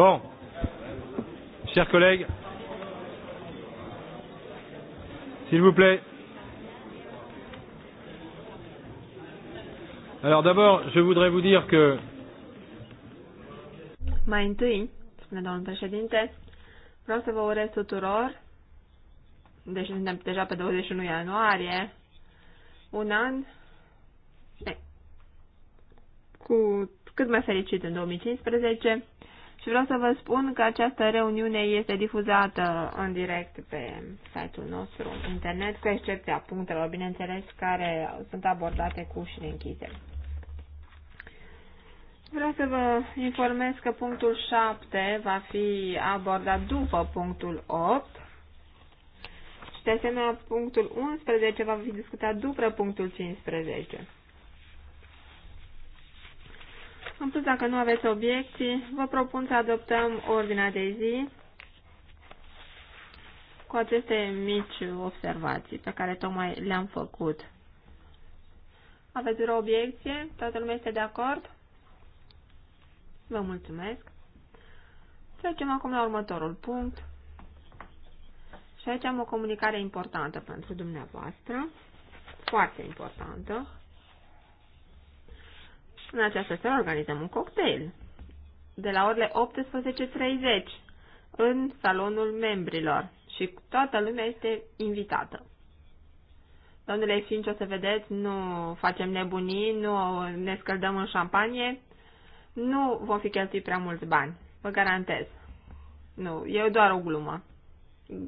Bon, chers collègues, s'il vous plaît. Alors d'abord, je voudrais vous dire que mai întâi, spune domnul președinte, vreau să vă urez tuturor, deci suntem deja pe 21 ianuarie, un an cu cât mai fericit în 2015, și vreau să vă spun că această reuniune este difuzată în direct pe site-ul nostru internet, cu excepția punctelor, bineînțeles, care sunt abordate cu ușile închise. Vreau să vă informez că punctul 7 va fi abordat după punctul 8 și de asemenea punctul 11 va fi discutat după punctul 15. În plus, dacă nu aveți obiecții, vă propun să adoptăm ordinea de zi cu aceste mici observații pe care tocmai le-am făcut. Aveți vreo obiecție? Toată lumea este de acord? Vă mulțumesc. Trecem acum la următorul punct. Și aici am o comunicare importantă pentru dumneavoastră, foarte importantă. În această seară organizăm un cocktail de la orele 18.30 în salonul membrilor și toată lumea este invitată. Domnule Finci, o să vedeți, nu facem nebunii, nu ne scăldăm în șampanie, nu vom fi cheltuit prea mulți bani, vă garantez. Nu, e doar o glumă.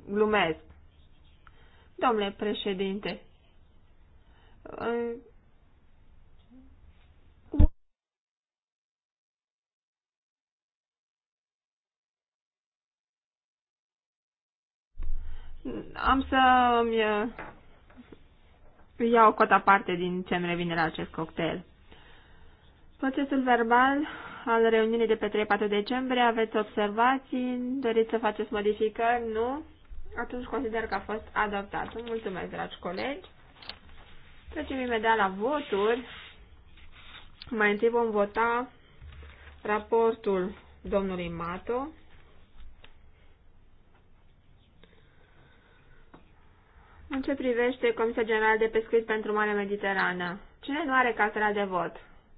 Glumesc. Domnule președinte, Am să uh, iau cota parte din ce îmi revine la acest cocktail. Procesul verbal al reuniunii de pe 3-4 decembrie, aveți observații, doriți să faceți modificări, nu? Atunci consider că a fost adoptat. Mulțumesc, dragi colegi. Trecem imediat la voturi. Mai întâi vom vota raportul domnului Mato. În ce privește Comisia Generală de Pescuit pentru Marea Mediterană? Cine nu are cartela de vot?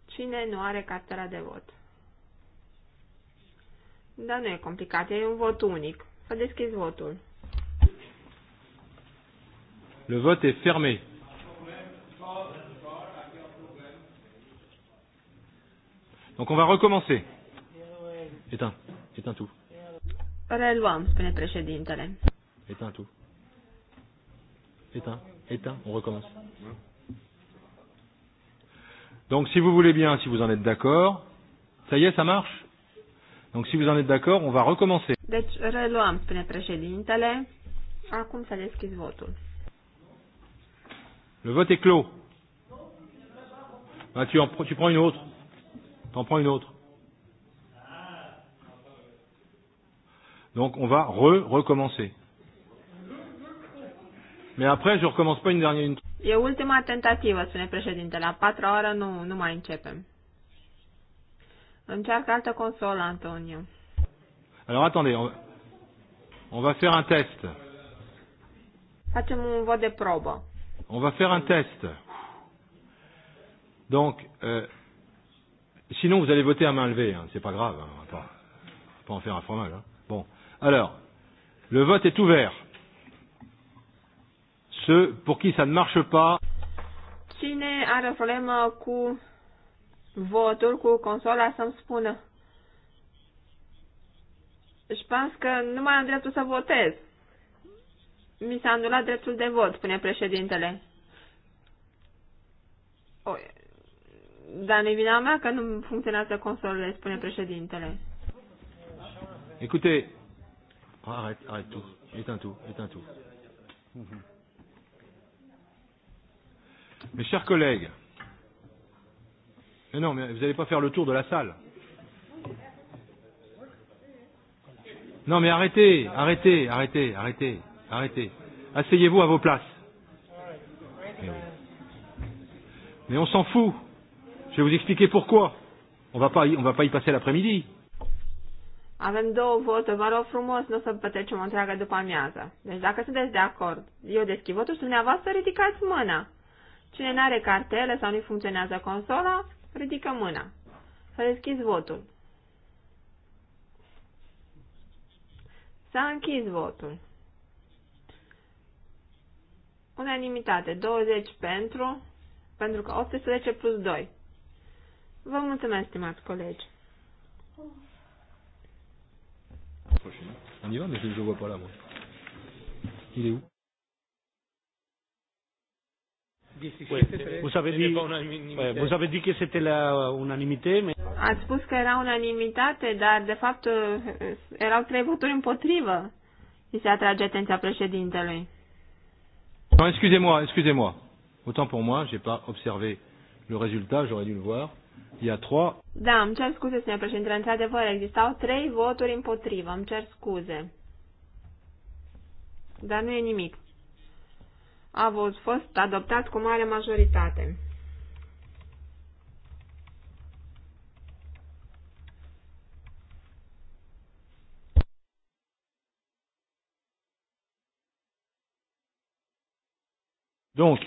Cine nu are cartela de vot? Dar nu e complicat, e un vot unic. Să deschis votul. Le vot e fermé. Donc on va recommencer. Éteins, éteins tout. Reluăm, spune președintele. Éteins tout éteint, éteint, on recommence. Donc si vous voulez bien, si vous en êtes d'accord, ça y est, ça marche Donc si vous en êtes d'accord, on va recommencer. Deci reluăm, spune președintele. Acum s-a deschis votul. Le vote est clos. Bah, tu, en, tu prends une autre. Tu en prends une autre. Donc on va re-recommencer. Mais après, je recommence pas une dernière... Une... E ultima tentativă, spune președintele. La patra oră nu, nu mai începem. Încearcă altă consolă, Antonio. Alors, attendez, on, on va faire un test. Facem un vot de probă. On va faire un test. Donc, euh, sinon, vous allez voter à main levée, hein, c'est pas grave, hein, on, va pas, on va pas en faire un formal. Hein. Bon, alors, le vote est ouvert ceux pour qui ça ne marche pas. Cine are problemă cu votul, cu consola, să-mi spună. Își pense că nu mai am dreptul să votez. Mi s-a anulat dreptul de vot, spune președintele. O, dar nu vina mea că nu funcționează consolele, spune președintele. Écoutez, oh, arrête, arrête tout, éteins tout, éteins tout. Mm-hmm. Mes chers collègues, mais non, mais vous n'allez pas faire le tour de la salle. Non, mais arrêtez, arrêtez, arrêtez, arrêtez, arrêtez. Asseyez-vous à vos places. Eh mais on s'en fout. Je vais vous expliquer pourquoi. On va pas, on va pas y passer l'après-midi. Avem două voturi, vă rog frumos, nu o să petrecem o întreagă după amiază. Deci dacă sunteți de acord, eu deschid votul și dumneavoastră ridicați mâna. Cine nu are cartele sau nu funcționează consola, ridică mâna. S-a deschis votul. S-a închis votul. Unanimitate, 20 pentru, pentru că 18 plus 2. Vă mulțumesc, stimați colegi. On y va, mais je ne vois pas là, moi. Il est où 17, vous, avez dit, vous avez dit que c'était la unanimité. Mais... Ați spus că era unanimitate, dar de fapt eh, erau trei voturi împotrivă. I se atrage atenția președintelui. Non, excusez-moi, excusez-moi. Autant pour moi, j'ai pas observé le résultat, j'aurais dû le voir. Il y a trois. Da, îmi cer scuze, domnule președinte, într-adevăr existau trei voturi împotrivă, îmi cer scuze. Dar nu e nimic a fost adoptat cu mare majoritate. Donc,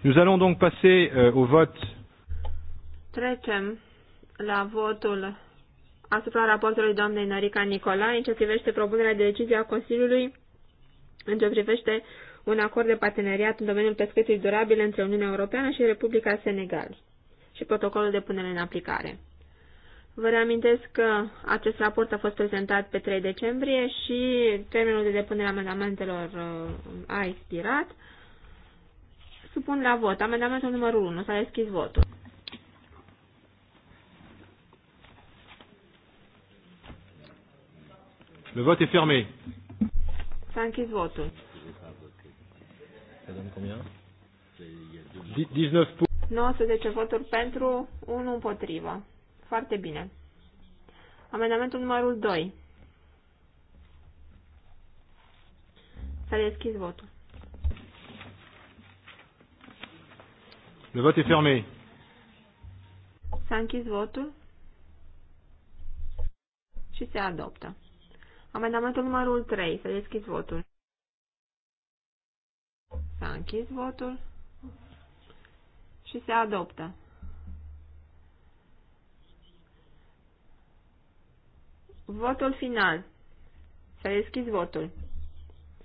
nous allons donc passer euh, au vote. Trecem la votul asupra raportului doamnei Narica Nicolae în ce privește propunerea de decizie a Consiliului în ce privește un acord de parteneriat în domeniul pescuitului durabil între Uniunea Europeană și Republica Senegal și protocolul de punere în aplicare. Vă reamintesc că acest raport a fost prezentat pe 3 decembrie și termenul de depunere a amendamentelor uh, a expirat. Supun la vot. Amendamentul numărul 1. S-a deschis votul. Le vot est fermé. S-a închis Ça donne combien 19 pour. 19 voturi pentru, 1 împotrivă. Foarte bine. Amendamentul numărul 2. S-a deschis votul. Le vot e fermé. S-a închis votul și se adoptă. Amendamentul numărul 3. S-a deschis votul. S-a închis votul și se adoptă. Votul final. S-a deschis votul.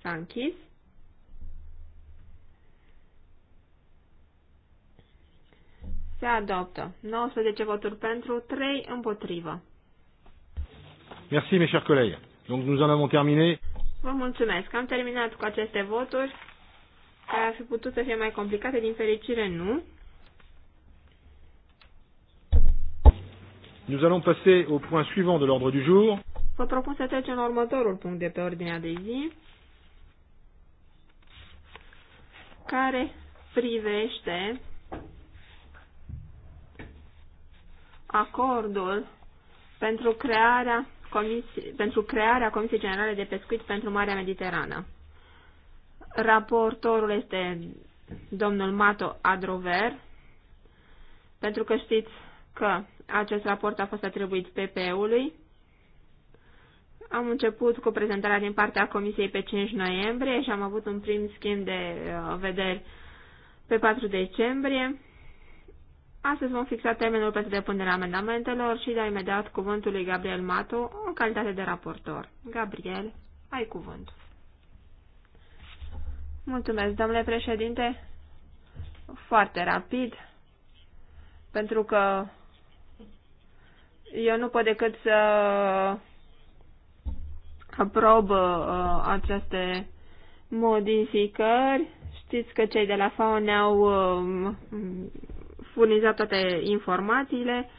S-a închis. Se adoptă. 19 voturi pentru, 3 împotrivă. Merci, mes chers collègues. Donc nous en avons terminé. Vă mulțumesc. Am terminat cu aceste voturi care ar fi putut să fie mai complicate, din fericire nu. Nous allons passer au point suivant de l'ordre du jour. Vă propun să trecem la următorul punct de pe ordinea de zi, care privește acordul pentru crearea Comisie, pentru crearea Comisiei Generale de Pescuit pentru Marea Mediterană. Raportorul este domnul Mato Adrover, pentru că știți că acest raport a fost atribuit PP-ului. Am început cu prezentarea din partea Comisiei pe 5 noiembrie și am avut un prim schimb de uh, vederi pe 4 decembrie. Astăzi vom fixa termenul pentru depunerea amendamentelor și da imediat cuvântul lui Gabriel Mato în calitate de raportor. Gabriel, ai cuvântul. Mulțumesc, domnule președinte. Foarte rapid, pentru că eu nu pot decât să aprob uh, aceste modificări. Știți că cei de la FAO ne-au uh, furnizat toate informațiile.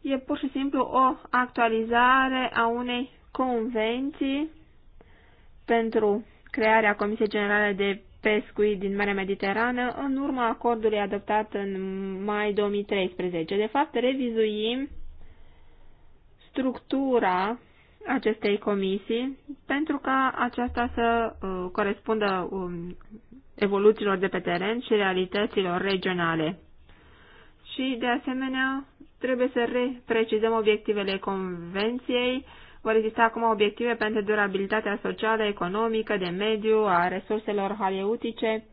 E pur și simplu o actualizare a unei convenții pentru crearea Comisiei Generale de Pescuit din Marea Mediterană în urma acordului adoptat în mai 2013. De fapt, revizuim structura acestei comisii pentru ca aceasta să uh, corespundă um, evoluțiilor de pe teren și realităților regionale. Și, de asemenea, trebuie să reprecizăm obiectivele convenției, vor exista acum obiective pentru durabilitatea socială, economică, de mediu, a resurselor haleutice,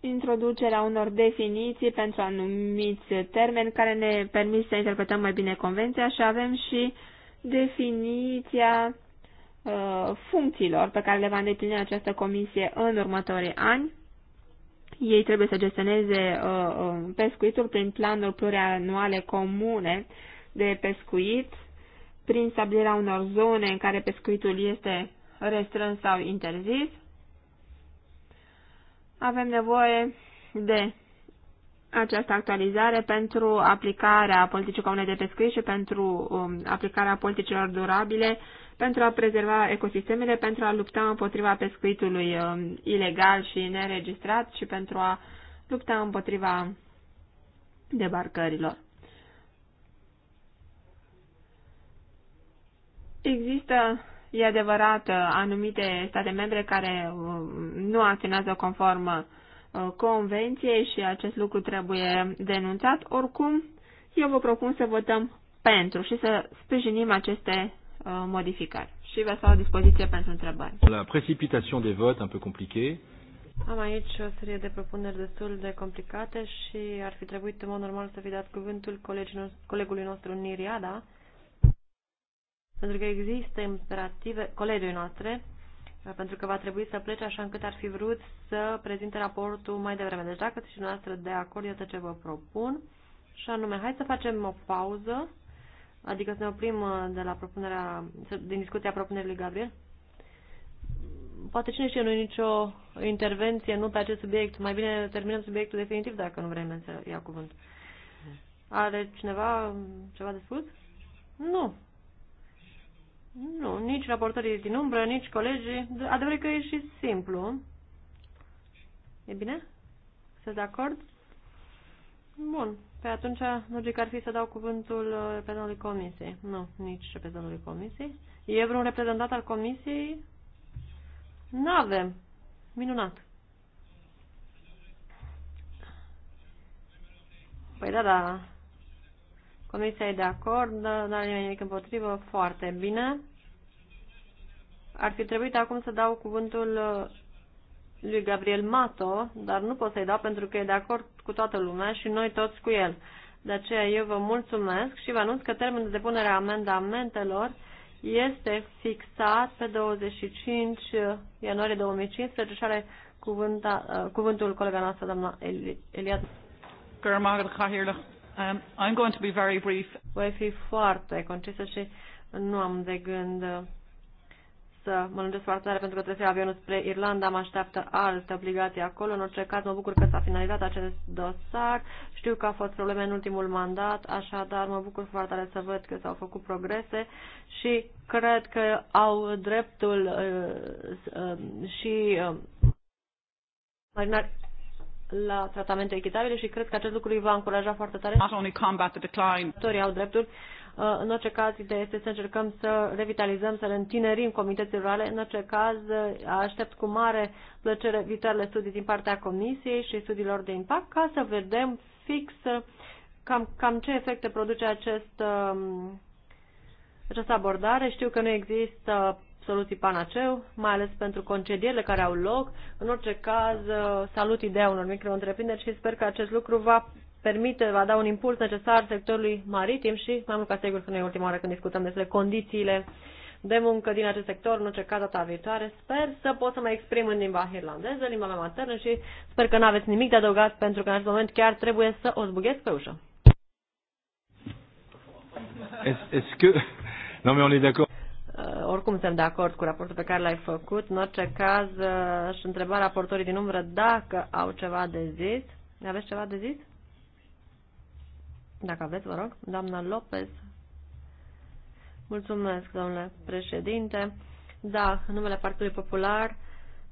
introducerea unor definiții pentru anumiți termeni care ne permit să interpretăm mai bine convenția și avem și definiția uh, funcțiilor pe care le va îndeplini această comisie în următorii ani. Ei trebuie să gestioneze uh, uh, pescuitul prin planuri plurianuale comune de pescuit, prin stabilirea unor zone în care pescuitul este restrâns sau interzis. Avem nevoie de această actualizare pentru aplicarea politicii comune de pescuit și pentru um, aplicarea politicilor durabile, pentru a prezerva ecosistemele, pentru a lupta împotriva pescuitului um, ilegal și neregistrat și pentru a lupta împotriva debarcărilor. Există, e adevărat, anumite state membre care uh, nu acționează conform uh, convenției și acest lucru trebuie denunțat. Oricum, eu vă propun să votăm pentru și să sprijinim aceste uh, modificări. Și vă stau la dispoziție pentru întrebări. La precipitation de vot, un peu compliqué. Am aici o serie de propuneri destul de complicate și ar fi trebuit în mod normal să fi dat cuvântul colegului nostru Niriada, pentru că există imperative colegii noastre, uh, pentru că va trebui să plece așa încât ar fi vrut să prezinte raportul mai devreme. Deci dacă și noastră de acord, iată ce vă propun, și anume, hai să facem o pauză, adică să ne oprim uh, de la propunerea, din discuția propunerii lui Gabriel. Poate cine știe, nu e nicio intervenție, nu pe acest subiect. Mai bine terminăm subiectul definitiv dacă nu vrem să ia cuvânt. Are cineva ceva de spus? Nu. Nu, nici raportorii din umbră, nici colegii. Adevărul că e și simplu. E bine? Sunt de acord? Bun. Pe atunci, logic ar fi să dau cuvântul uh, reprezentantului comisiei. Nu, nici reprezentantului comisiei. E vreun reprezentant al comisiei? Nu avem. Minunat. Păi da, da. Comisia e de acord, nu are nimic împotrivă, foarte bine. Ar fi trebuit acum să dau cuvântul uh, lui Gabriel Mato, dar nu pot să-i dau pentru că e de acord cu toată lumea și noi toți cu el. De aceea eu vă mulțumesc și vă anunț că termenul de depunere a amendamentelor este fixat pe 25 uh, ianuarie 2015 și deci are cuvânta, uh, cuvântul colega noastră, doamna Eliad. Cărmagă, Um, I'm going to be very brief. Voi fi foarte concisă și nu am de gând uh, să mă lungesc foarte tare pentru că trebuie să avionul spre Irlanda, mă așteaptă alte obligații acolo. În orice caz, mă bucur că s-a finalizat acest dosar. Știu că au fost probleme în ultimul mandat, așadar mă bucur foarte tare să văd că s-au făcut progrese și cred că au dreptul uh, uh, și uh, la tratamente echitabile și cred că acest lucru îi va încuraja foarte tare. Not only combat the decline. Torii au dreptul. Uh, în orice caz, ideea este să încercăm să revitalizăm, să le întinerim comitetele rurale. În orice caz, uh, aștept cu mare plăcere viitoarele studii din partea Comisiei și studiilor de impact ca să vedem fix uh, cam, cam ce efecte produce acest, um, această abordare. Știu că nu există soluții panaceu, mai ales pentru concedierile care au loc. În orice caz, uh, salut ideea unor micro-întreprinderi și sper că acest lucru va permite, va da un impuls necesar sectorului maritim și mai mult ca sigur că nu e ultima oară când discutăm despre condițiile de muncă din acest sector, în orice caz data viitoare. Sper să pot să mă exprim în limba irlandeză, limba mea maternă și sper că nu aveți nimic de adăugat pentru că în acest moment chiar trebuie să o zbughez pe ușă. Est-ce que... Non mais on est d'accord. Uh, oricum sunt de acord cu raportul pe care l-ai făcut. În orice caz, uh, aș întreba raportorii din umbră dacă au ceva de zis. Aveți ceva de zis? Dacă aveți, vă rog. Doamna Lopez. Mulțumesc, domnule președinte. Da, în numele Partidului Popular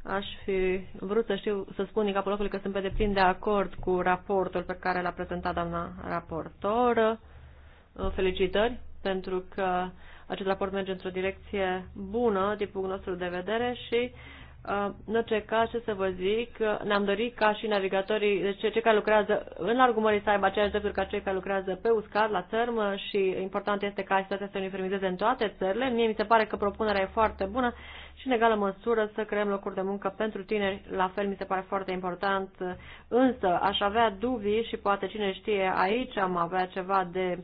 aș fi vrut să știu, să spun din capul locului că sunt pe deplin de acord cu raportul pe care l-a prezentat doamna raportor. Uh, felicitări pentru că acest raport merge într-o direcție bună din punctul nostru de vedere și uh, în orice caz, ce să vă zic, uh, ne-am dorit ca și navigatorii, deci cei care lucrează în largul mării să aibă aceeași drepturi ca cei care lucrează pe uscat, la țărmă și important este ca situația să se uniformizeze în toate țările. Mie mi se pare că propunerea e foarte bună și în egală măsură să creăm locuri de muncă pentru tineri, la fel mi se pare foarte important, însă aș avea dubii și poate cine știe aici am avea ceva de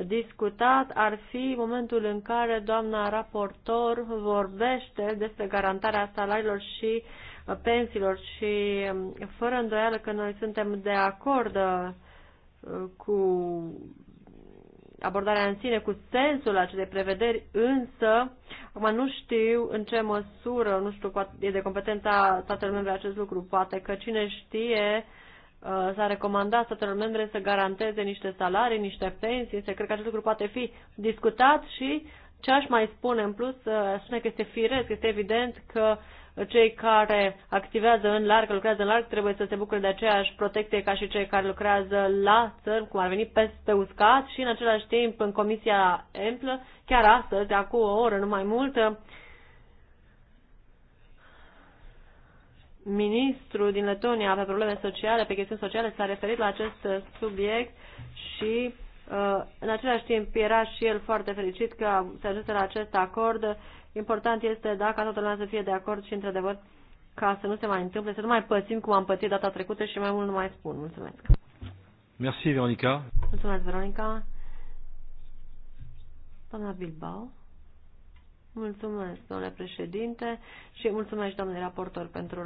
discutat ar fi momentul în care doamna raportor vorbește despre garantarea salariilor și pensiilor și um, fără îndoială că noi suntem de acord uh, cu abordarea în sine, cu sensul acelei prevederi, însă acum nu știu în ce măsură, nu știu, e de competența statelor membre acest lucru, poate că cine știe uh, Uh, s-a recomandat statelor membre să garanteze niște salarii, niște pensii, se cred că acest lucru poate fi discutat și ce aș mai spune în plus, uh, spune că este firesc, este evident că cei care activează în larg, lucrează în larg, trebuie să se bucure de aceeași protecție ca și cei care lucrează la țări, cum ar veni pe, uscat și în același timp în Comisia Emplă, chiar astăzi, acum o oră, nu mai mult, ministru din Letonia pe probleme sociale, pe chestiuni sociale, s-a referit la acest uh, subiect și uh, în același timp era și el foarte fericit că se ajunge la acest acord. Important este dacă toată lumea să fie de acord și într-adevăr ca să nu se mai întâmple, să nu mai pățim cum am pățit data trecută și mai mult nu mai spun. Mulțumesc. Merci, Veronica. Mulțumesc, Veronica. Doamna Bilbao. Mulțumesc, domnule președinte, și mulțumesc, domnule raportor, pentru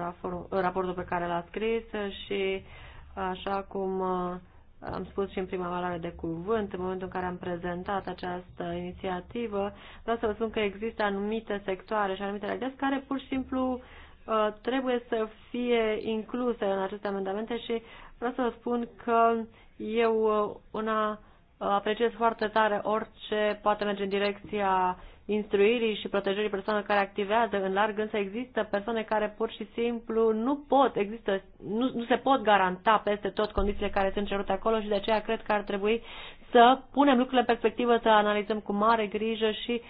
raportul pe care l-a scris și, așa cum uh, am spus și în prima valoare de cuvânt, în momentul în care am prezentat această inițiativă, vreau să vă spun că există anumite sectoare și anumite realități care pur și simplu uh, trebuie să fie incluse în aceste amendamente și vreau să vă spun că eu uh, una Uh, apreciez foarte tare orice poate merge în direcția instruirii și protejării persoanelor care activează în larg, însă există persoane care pur și simplu nu pot, există, nu, nu se pot garanta peste tot condițiile care sunt cerute acolo și de aceea cred că ar trebui să punem lucrurile în perspectivă, să analizăm cu mare grijă și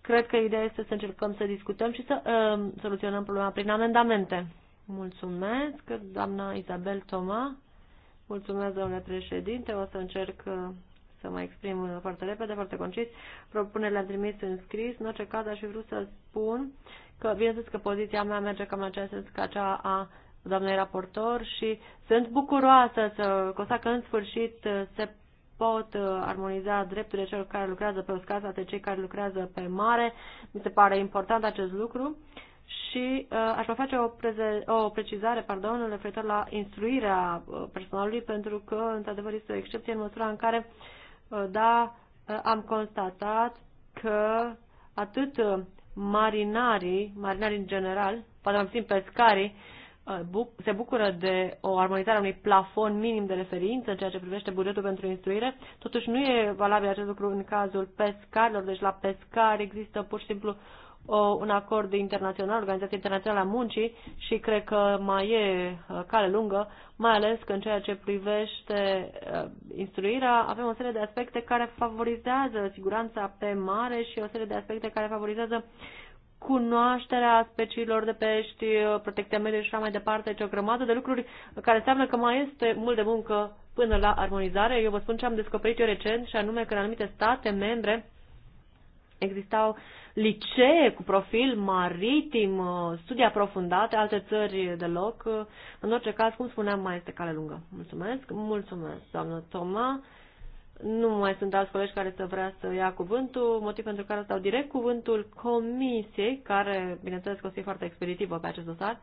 cred că ideea este să încercăm să discutăm și să uh, soluționăm problema prin amendamente. Mulțumesc, doamna Isabel Toma. Mulțumesc, domnule președinte. O să încerc uh, să mă exprim foarte repede, foarte concis. Propunerile am trimis în scris. În orice caz, aș fi vrut să spun că, bineînțeles că poziția mea merge cam în acest sens ca cea a doamnei raportor și sunt bucuroasă să, costa că în sfârșit se pot armoniza drepturile celor care lucrează pe uscat de cei care lucrează pe mare. Mi se pare important acest lucru și uh, aș mai face o, preze- o precizare, pardon, referitor la instruirea uh, personalului, pentru că, într-adevăr, este o excepție în măsura în care uh, da, am constatat că atât marinarii, marinarii în general, poate mai puțin pescarii, uh, se bucură de o armonizare a unui plafon minim de referință în ceea ce privește bugetul pentru instruire. Totuși nu e valabil acest lucru în cazul pescarilor, deci la pescari există pur și simplu o, un acord internațional, Organizația Internațională a Muncii și cred că mai e uh, cale lungă, mai ales că în ceea ce privește uh, instruirea avem o serie de aspecte care favorizează siguranța pe mare și o serie de aspecte care favorizează cunoașterea speciilor de pești, uh, protecția mediului și așa mai departe, ce o grămadă de lucruri care înseamnă că mai este mult de muncă până la armonizare. Eu vă spun ce am descoperit eu recent și anume că în anumite state membre Existau licee cu profil maritim, uh, studii aprofundate, alte țări deloc. Uh, în orice caz, cum spuneam, mai este cale lungă. Mulțumesc, mulțumesc, doamnă Toma. Nu mai sunt alți colegi care să vrea să ia cuvântul, motiv pentru care stau direct cuvântul comisiei, care, bineînțeles că o să fie foarte expeditivă pe acest dosar.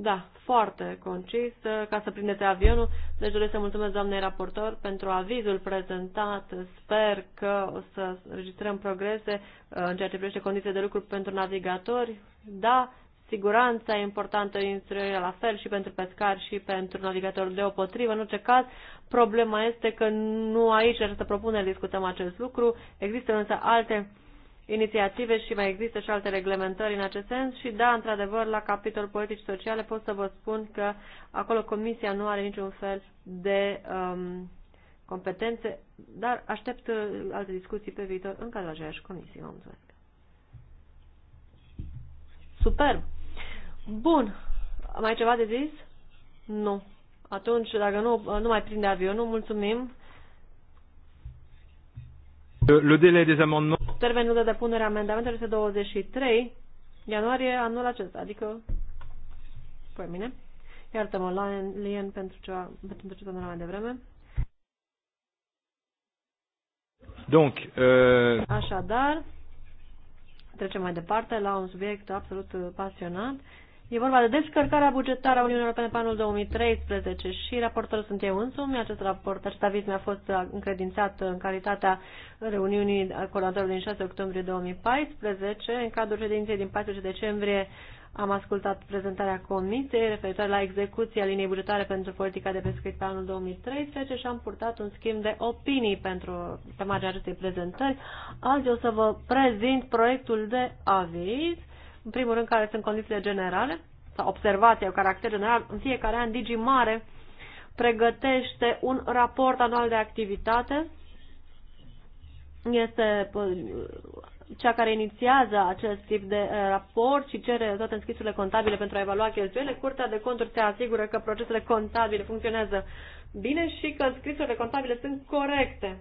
Da, foarte concis, ca să prindeți avionul. Deci doresc să mulțumesc doamnei raportor pentru avizul prezentat. Sper că o să registrăm progrese uh, în ceea ce privește condiții de lucru pentru navigatori. Da, siguranța e importantă, în la fel și pentru pescari și pentru navigatori deopotrivă. În orice caz, problema este că nu aici, propunem să discutăm acest lucru. Există însă alte inițiative și mai există și alte reglementări în acest sens și da, într-adevăr, la capitolul politici sociale pot să vă spun că acolo Comisia nu are niciun fel de um, competențe, dar aștept uh, alte discuții pe viitor în cadrul aceeași comisie. Vă mulțumesc. Superb! Bun. Mai ceva de zis? Nu. Atunci, dacă nu, uh, nu mai prinde avionul, mulțumim. Le délai des amendements Termenul de depunere a amendamentelor este 23 ianuarie anul acesta, adică pe mine. Iartă-mă, Lien, pentru ce pentru ce nu mai devreme. Donc, euh... Așadar, trecem mai departe la un subiect absolut pasionat. E vorba de descărcarea bugetară a Uniunii Europene pe anul 2013 și raportorul sunt eu însumi. Acest raport, acest aviz mi-a fost uh, încredințat în calitatea reuniunii coordonatorului din 6 octombrie 2014. În cadrul ședinței din 14 decembrie am ascultat prezentarea comisiei referitoare la execuția liniei bugetare pentru politica de pescuit pe anul 2013 și am purtat un schimb de opinii pentru, pe marginea acestei prezentări. Azi o să vă prezint proiectul de aviz în primul rând, care sunt condițiile generale sau observația, caracter general. În fiecare an, Digi Mare pregătește un raport anual de activitate. Este uh, cea care inițiază acest tip de uh, raport și cere toate înscrisurile contabile pentru a evalua cheltuielile. Curtea de conturi se asigură că procesele contabile funcționează bine și că înscrisurile contabile sunt corecte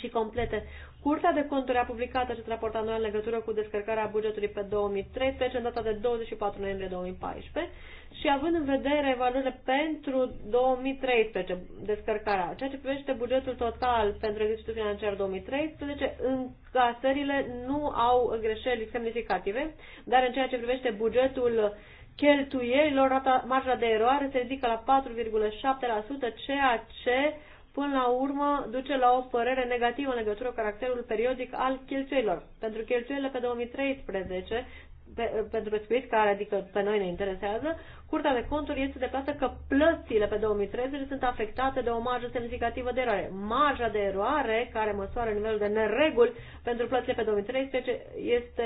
și complete. Curtea de conturi a publicat acest raport anual în legătură cu descărcarea bugetului pe 2013, în data de 24 noiembrie 2014, și având în vedere valorile pentru 2013, descărcarea, ceea ce privește bugetul total pentru exercițiul financiar 2013, încasările nu au greșeli semnificative, dar în ceea ce privește bugetul cheltuielilor, marja de eroare se ridică la 4,7%, ceea ce până la urmă duce la o părere negativă în legătură cu caracterul periodic al cheltuielor. Pentru cheltuielile pe 2013, pe, pentru pescuit, care adică pe noi ne interesează, Curtea de Conturi este de plată că plățile pe 2013 sunt afectate de o marjă semnificativă de eroare. Marja de eroare, care măsoară nivelul de nereguli pentru plățile pe 2013, este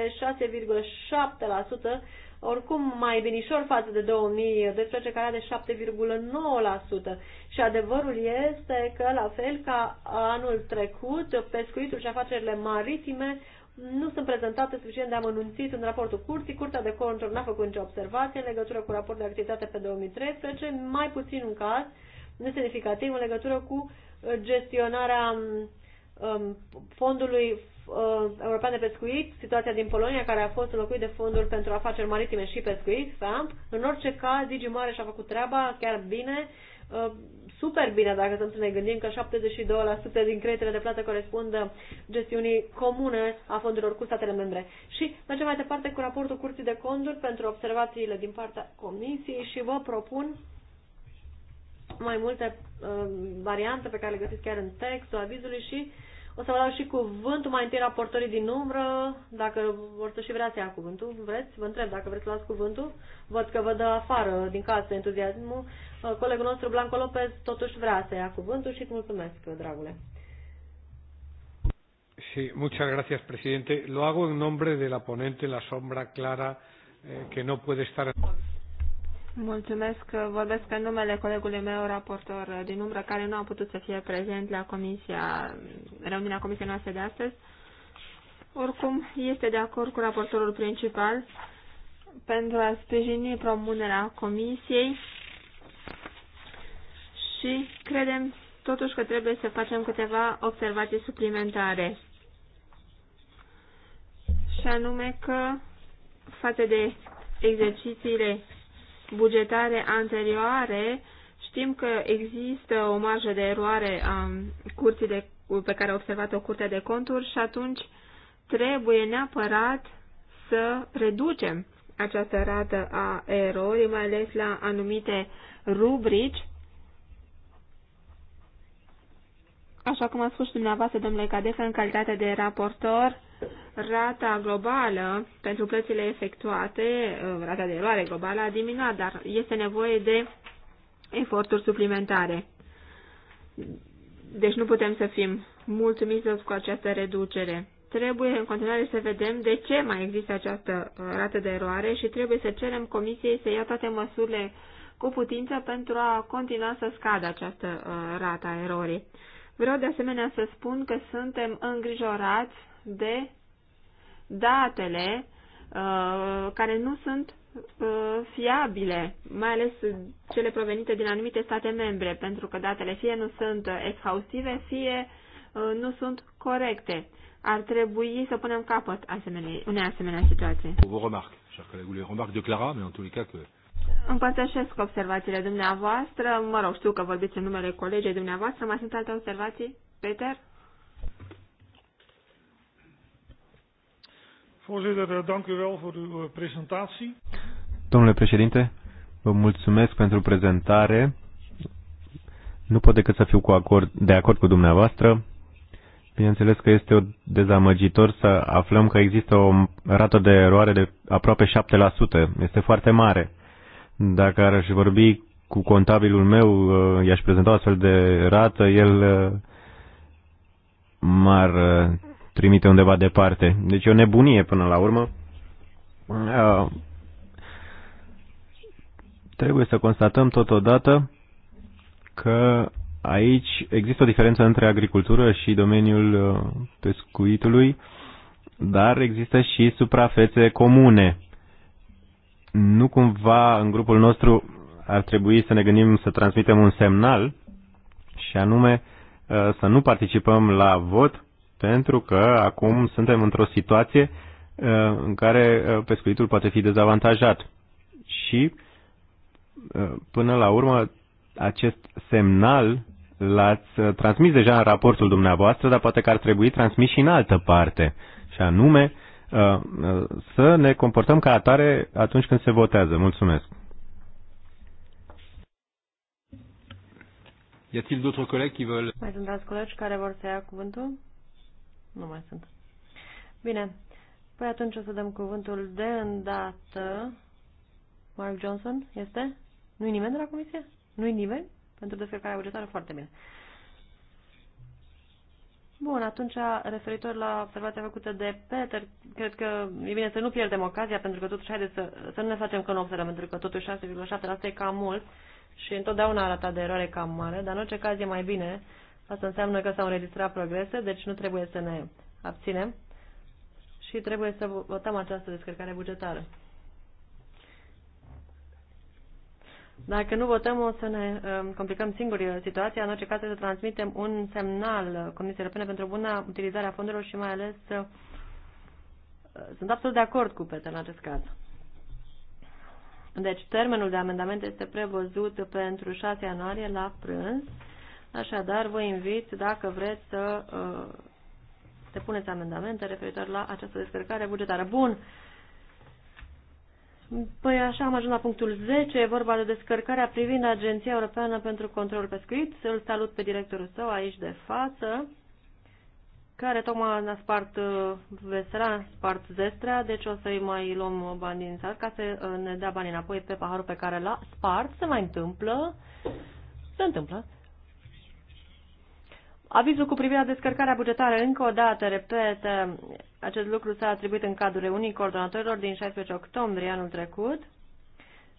6,7% oricum mai binișor față de 2012, care are de 7,9%. Și adevărul este că, la fel ca anul trecut, pescuitul și afacerile maritime nu sunt prezentate suficient de amănunțit în raportul curții. Curtea de conturi n-a făcut nicio observație în legătură cu raportul de activitate pe 2013, mai puțin un caz nesemnificativ în legătură cu gestionarea um, fondului Uh, european de Pescuit, situația din Polonia care a fost înlocuit de fondul pentru afaceri maritime și pescuit, FAMP. În orice caz, Digi Mare și-a făcut treaba chiar bine, uh, super bine dacă să ne gândim că 72% din creditele de plată corespundă gestiunii comune a fondurilor cu statele membre. Și mergem mai departe cu raportul Curții de Conduri pentru observațiile din partea Comisiei și vă propun mai multe uh, variante pe care le găsiți chiar în textul avizului și uh, o să vă dau și cuvântul mai întâi raportorii din umbră, dacă vor să și vrea să ia cuvântul. Vreți? Vă întreb dacă vreți să luați cuvântul. Văd că vă dă afară din casă entuziasmul. Uh, colegul nostru, Blanco Lopez, totuși vrea să ia cuvântul și îți mulțumesc, dragule. Sí, muchas gracias, presidente. Lo hago en nombre de la ponente, la sombra clara, eh, que no puede estar. Mulțumesc. Vorbesc pe numele colegului meu, raportor din umbră, care nu a putut să fie prezent la comisia, reuniunea comisiei noastre de astăzi. Oricum, este de acord cu raportorul principal pentru a sprijini promunerea comisiei și credem totuși că trebuie să facem câteva observații suplimentare. Și anume că față de exercițiile bugetare anterioare, știm că există o marjă de eroare a curții de, pe care a observat-o Curtea de Conturi și atunci trebuie neapărat să reducem această rată a erorii, mai ales la anumite rubrici. Așa cum a spus dumneavoastră, domnule Cadecă, în calitate de raportor, Rata globală pentru plățile efectuate, uh, rata de eroare globală a diminuat, dar este nevoie de eforturi suplimentare. Deci nu putem să fim mulțumiți cu această reducere. Trebuie în continuare să vedem de ce mai există această uh, rată de eroare și trebuie să cerem comisiei să ia toate măsurile cu putință pentru a continua să scadă această uh, rată a erorii. Vreau de asemenea să spun că suntem îngrijorați de datele uh, care nu sunt uh, fiabile, mai ales cele provenite din anumite state membre, pentru că datele fie nu sunt exhaustive, fie uh, nu sunt corecte. Ar trebui să punem capăt asemenea, unei asemenea situații. Vă remarc, cher coleg, le remarc de Clara, mais en tous les cas que Împărtășesc observațiile dumneavoastră. Mă rog, știu că vorbiți în numele colegei dumneavoastră. Mai sunt alte observații, Peter? Voorzitter, eh, dank u wel voor uw eh, presentatie. Domnule președinte, vă mulțumesc pentru prezentare. Nu pot decât să fiu cu acord, de acord cu dumneavoastră. Bineînțeles că este dezamăgitor să aflăm că există o rată de eroare de aproape 7%. Este foarte mare. Dacă aș vorbi cu contabilul meu, eh, i-aș prezenta o astfel de rată, el m-ar trimite undeva departe. Deci e o nebunie până la urmă. Uh, trebuie să constatăm totodată că aici există o diferență între agricultură și domeniul uh, pescuitului, dar există și suprafețe comune. Nu cumva în grupul nostru ar trebui să ne gândim să transmitem un semnal și anume uh, să nu participăm la vot pentru că acum suntem într-o situație uh, în care uh, pescuitul poate fi dezavantajat. Și, uh, până la urmă, acest semnal l-ați transmis deja în raportul dumneavoastră, dar poate că ar trebui transmis și în altă parte, și anume să ne comportăm ca atare atunci când se votează. Mulțumesc. Y a-t-il d'autres collègues qui veulent Mai sunt alți colegi care vor să ia cuvântul? Nu mai sunt. Bine. Păi atunci o să dăm cuvântul de îndată. Mark Johnson este? Nu-i nimeni de la comisie? Nu-i nimeni? Pentru de fiecare bugetară foarte bine. Bun, atunci, referitor la observația făcută de Peter, cred că e bine să nu pierdem ocazia, pentru că totuși, haideți să, să nu ne facem că nu observăm, pentru că totuși 6,7% e cam mult și întotdeauna arată de eroare cam mare, dar în orice caz e mai bine Asta înseamnă că s-au înregistrat progrese, deci nu trebuie să ne abținem și trebuie să votăm această descărcare bugetară. Dacă nu votăm, o să ne um, complicăm singuri uh, situația. În orice caz, să transmitem un semnal Comisiei Europene pentru buna utilizare a fondurilor și mai ales uh, sunt absolut de acord cu Peter în acest caz. Deci, termenul de amendament este prevăzut pentru 6 ianuarie la prânz Așadar, vă invit, dacă vreți, să uh, puneți amendamente referitor la această descărcare bugetară. Bun. Păi așa am ajuns la punctul 10, e vorba de descărcarea privind Agenția Europeană pentru Controlul Pescuit. Îl salut pe directorul său aici de față, care tocmai ne-a spart uh, vesera, ne-a spart zestrea, deci o să-i mai luăm bani din sat ca să uh, ne dea bani înapoi pe paharul pe care l-a spart. Se mai întâmplă, se întâmplă, Avizul cu privire la descărcarea bugetară, încă o dată, repet, acest lucru s-a atribuit în cadrul reunii coordonatorilor din 16 octombrie anul trecut.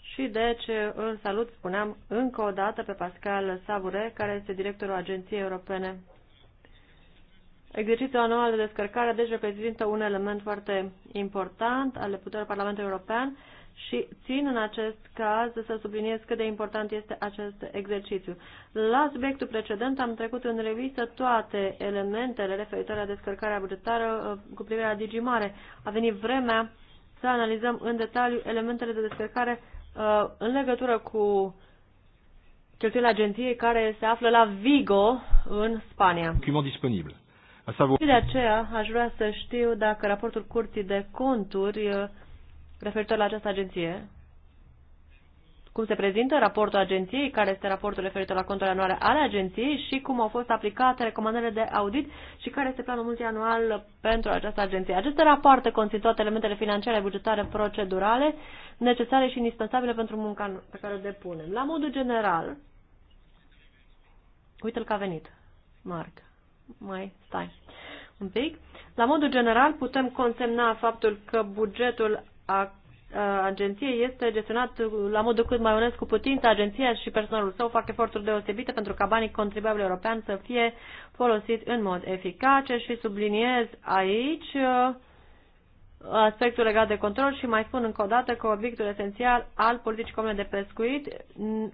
Și deci îl salut, spuneam, încă o dată pe Pascal Savure, care este directorul Agenției Europene. Exercițiul anual de descărcare deci reprezintă un element foarte important ale puterii Parlamentului European și țin în acest caz să subliniez cât de important este acest exercițiu. La subiectul precedent am trecut în revistă toate elementele referitoare la descărcarea bugetară uh, cu privire la Digimare. A venit vremea să analizăm în detaliu elementele de descărcare uh, în legătură cu cheltuielile agenției care se află la Vigo, în Spania. Document disponibil. Și de aceea aș vrea să știu dacă raportul Curții de Conturi uh, referitor la această agenție, cum se prezintă raportul agenției, care este raportul referitor la contul anuale ale agenției și cum au fost aplicate recomandările de audit și care este planul multianual pentru această agenție. Aceste rapoarte conțin toate elementele financiare, bugetare, procedurale necesare și indispensabile pentru munca pe care o depunem. La modul general, uite-l că a venit, Marc, mai stai un pic. La modul general, putem consemna faptul că bugetul a agenției este gestionat la modul cât mai onest cu putință. Agenția și personalul său fac eforturi deosebite pentru ca banii contribuabili european să fie folosiți în mod eficace și subliniez aici uh, aspectul legat de control și mai spun încă o dată că obiectul esențial al politicii comune de pescuit,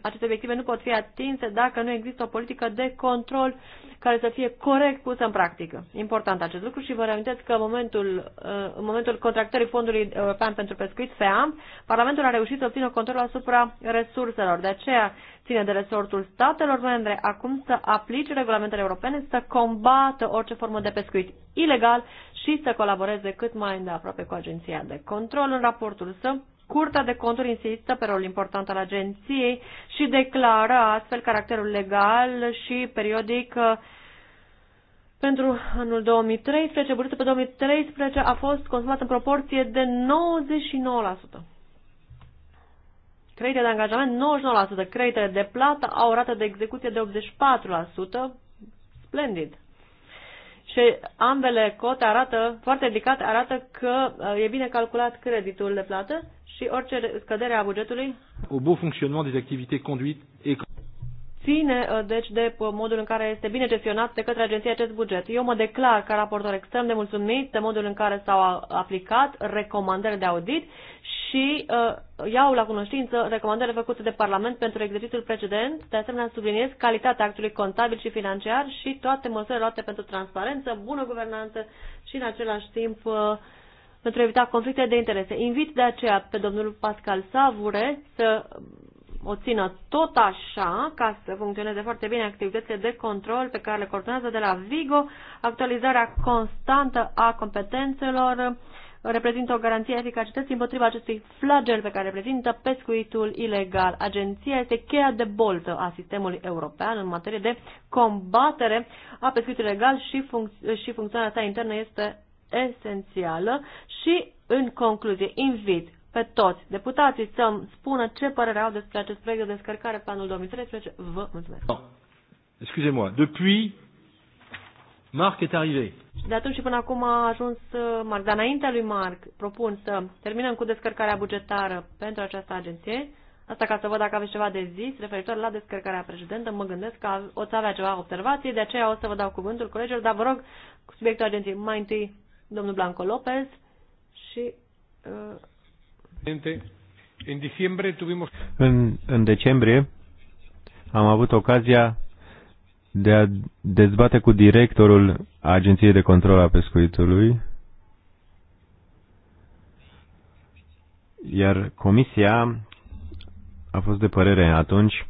aceste obiective nu pot fi atinse dacă nu există o politică de control care să fie corect pusă în practică. Important acest lucru și vă reamintesc că în momentul, uh, în momentul contractării Fondului European pentru Pescuit, FEAM, Parlamentul a reușit să obțină control asupra resurselor. De aceea ține de resortul statelor membre acum să aplice regulamentele europene, să combată orice formă de pescuit ilegal și să colaboreze cât mai îndeaproape cu agenția de control în raportul său. Curtea de conturi insistă pe rolul important al agenției și declară astfel caracterul legal și periodic uh, pentru anul 2013. Bugetul pe 2013 a fost consumat în proporție de 99%. Credite de angajament 99%, creditele de plată au o rată de execuție de 84%, splendid. Și ambele cote arată, foarte ridicate, arată că uh, e bine calculat creditul de plată și orice scădere a bugetului. Au bon fonctionnement des activités conduites ține, uh, deci, de uh, modul în care este bine gestionat de către agenția acest buget. Eu mă declar ca raportor extrem de mulțumit de modul în care s-au aplicat recomandări de audit și uh, iau la cunoștință recomandările făcute de Parlament pentru exercițiul precedent. De asemenea, subliniez calitatea actului contabil și financiar și toate măsurile luate pentru transparență, bună guvernanță și, în același timp, uh, pentru a evita conflicte de interese. Invit de aceea pe domnul Pascal Savure să o țină tot așa, ca să funcționeze foarte bine activitățile de control pe care le coordonează de la Vigo, actualizarea constantă a competențelor, uh, reprezintă o garanție a eficacității împotriva acestui flagel pe care reprezintă pescuitul ilegal. Agenția este cheia de boltă a sistemului european în materie de combatere a pescuitului ilegal și, func- și funcționarea sa internă este esențială și, în concluzie, invit pe toți deputații să spună ce părere au despre acest proiect de descărcare pe anul 2013. Vă mulțumesc. No. Excusez-moi. Depuis Marc est arrivé. De atunci și până acum a ajuns uh, Marc. Dar înaintea lui Marc propun să terminăm cu descărcarea bugetară pentru această agenție. Asta ca să văd dacă aveți ceva de zis referitor la descărcarea președentă. Mă gândesc că o să avea ceva observații, de aceea o să vă dau cuvântul colegilor, dar vă rog, cu subiectul agenției, mai întâi domnul Blanco Lopez și... Uh... În, în decembrie am avut ocazia de a dezbate cu directorul Agenției de Control a Pescuitului, iar comisia a fost de părere atunci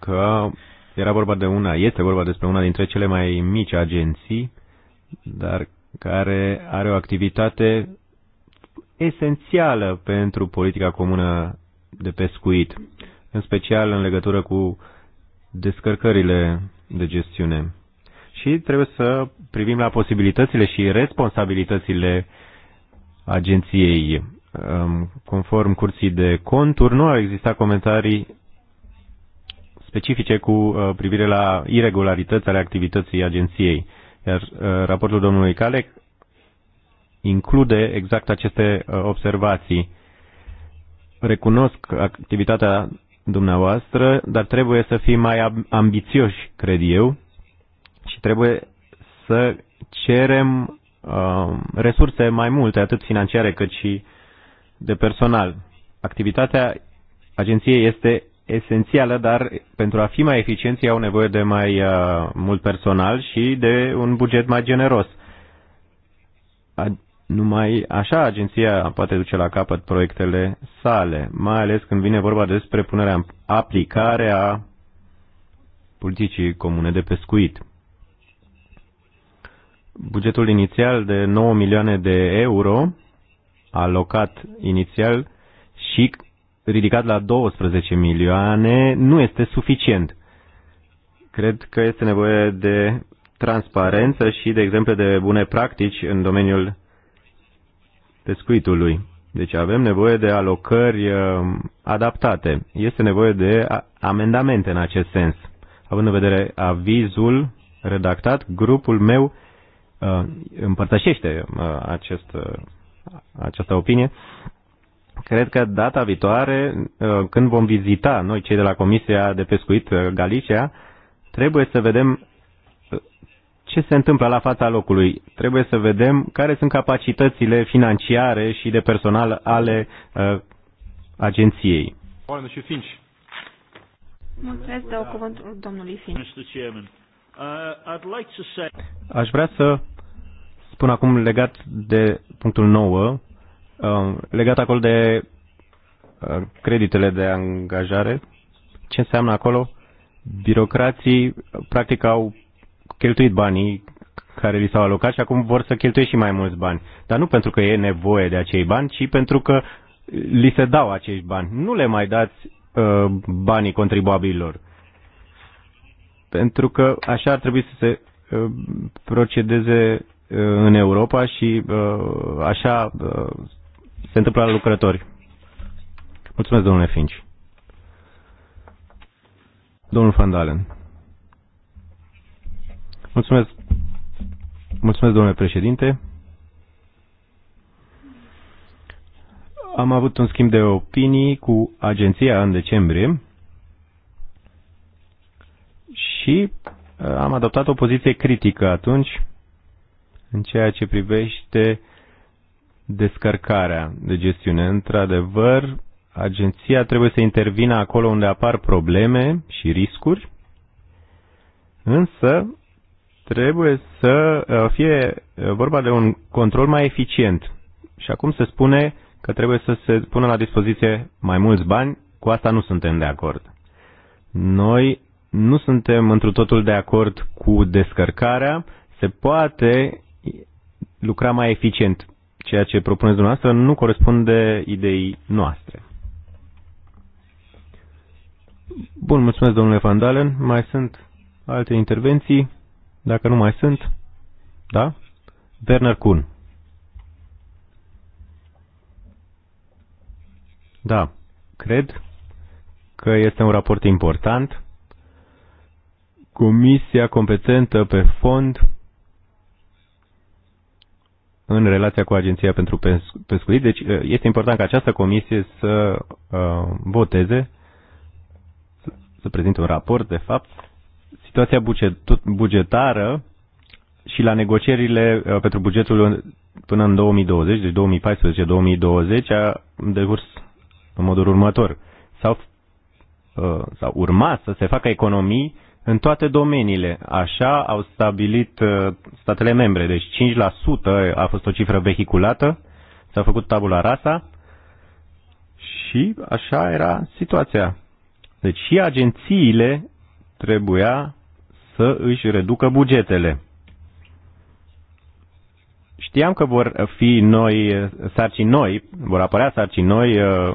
că era vorba de una, este vorba despre una dintre cele mai mici agenții, dar care are o activitate esențială pentru politica comună de pescuit, în special în legătură cu descărcările de gestiune. Și trebuie să privim la posibilitățile și responsabilitățile agenției. Conform curții de conturi, nu au existat comentarii specifice cu uh, privire la irregularități ale activității agenției. Iar uh, raportul domnului Calec include exact aceste uh, observații. Recunosc activitatea dumneavoastră, dar trebuie să fim mai ambițioși, cred eu, și trebuie să cerem uh, resurse mai multe, atât financiare cât și de personal. Activitatea agenției este esențială, dar pentru a fi mai eficienți au nevoie de mai uh, mult personal și de un buget mai generos. Numai așa agenția poate duce la capăt proiectele sale, mai ales când vine vorba despre punerea în aplicare a politicii comune de pescuit. Bugetul inițial de 9 milioane de euro alocat inițial și ridicat la 12 milioane nu este suficient. Cred că este nevoie de transparență și de exemple de bune practici în domeniul pescuitului. Deci avem nevoie de alocări uh, adaptate. Este nevoie de amendamente în acest sens. Având în vedere avizul redactat, grupul meu uh, împărtășește uh, acest, această opinie. Cred că data viitoare, când vom vizita noi cei de la Comisia de Pescuit Galicia, trebuie să vedem ce se întâmplă la fața locului. Trebuie să vedem care sunt capacitățile financiare și de personal ale uh, agenției. Mulțumesc, dau cuvântul domnului Finch. Uh, Aș vrea să spun acum legat de punctul 9, uh, legat acolo de uh, creditele de angajare, ce înseamnă acolo? Birocrații practic au cheltuit banii care li s-au alocat și acum vor să cheltuie și mai mulți bani. Dar nu pentru că e nevoie de acei bani, ci pentru că li se dau acești bani. Nu le mai dați uh, banii contribuabililor. Pentru că așa ar trebui să se uh, procedeze uh, în Europa și uh, așa uh, se întâmplă la lucrători. Mulțumesc, domnule Finci. Domnul Fandalen. Mulțumesc. Mulțumesc, domnule președinte. Am avut un schimb de opinii cu agenția în decembrie și uh, am adoptat o poziție critică atunci în ceea ce privește descărcarea de gestiune. Într-adevăr, agenția trebuie să intervină acolo unde apar probleme și riscuri, însă trebuie să uh, fie uh, vorba de un control mai eficient. Și acum se spune că trebuie să se pună la dispoziție mai mulți bani, cu asta nu suntem de acord. Noi nu suntem întru totul de acord cu descărcarea, se poate lucra mai eficient. Ceea ce propuneți dumneavoastră nu corespunde ideii noastre. Bun, mulțumesc domnule Van Dalen. Mai sunt alte intervenții? Dacă nu mai sunt, da? Werner Kuhn. Da, cred că este un raport important. Comisia competentă pe fond în relația cu Agenția pentru Pescuit. Deci uh, este important ca această comisie să uh, voteze, să prezinte un raport, de fapt, situația bugetară și la negocierile uh, pentru bugetul până în 2020, deci 2014-2020, a decurs în modul următor. S-au, uh, sau urmat să se facă economii în toate domeniile. Așa au stabilit uh, statele membre. Deci 5% a fost o cifră vehiculată, s-a făcut tabula rasa și așa era situația. Deci și agențiile trebuia să își reducă bugetele. Știam că vor fi noi eh, sarcini noi, vor apărea sarcini noi, eh,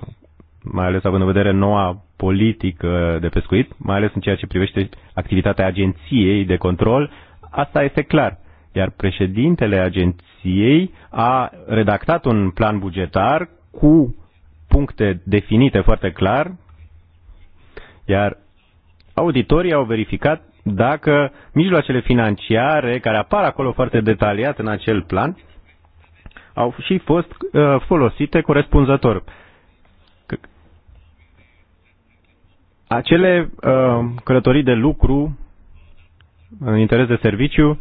mai ales având în vedere noua politică de pescuit, mai ales în ceea ce privește activitatea agenției de control, asta este clar. Iar președintele agenției a redactat un plan bugetar cu puncte definite foarte clar, iar auditorii au verificat dacă mijloacele financiare care apar acolo foarte detaliat în acel plan au și fost uh, folosite corespunzător. Acele uh, călătorii de lucru în interes de serviciu uh,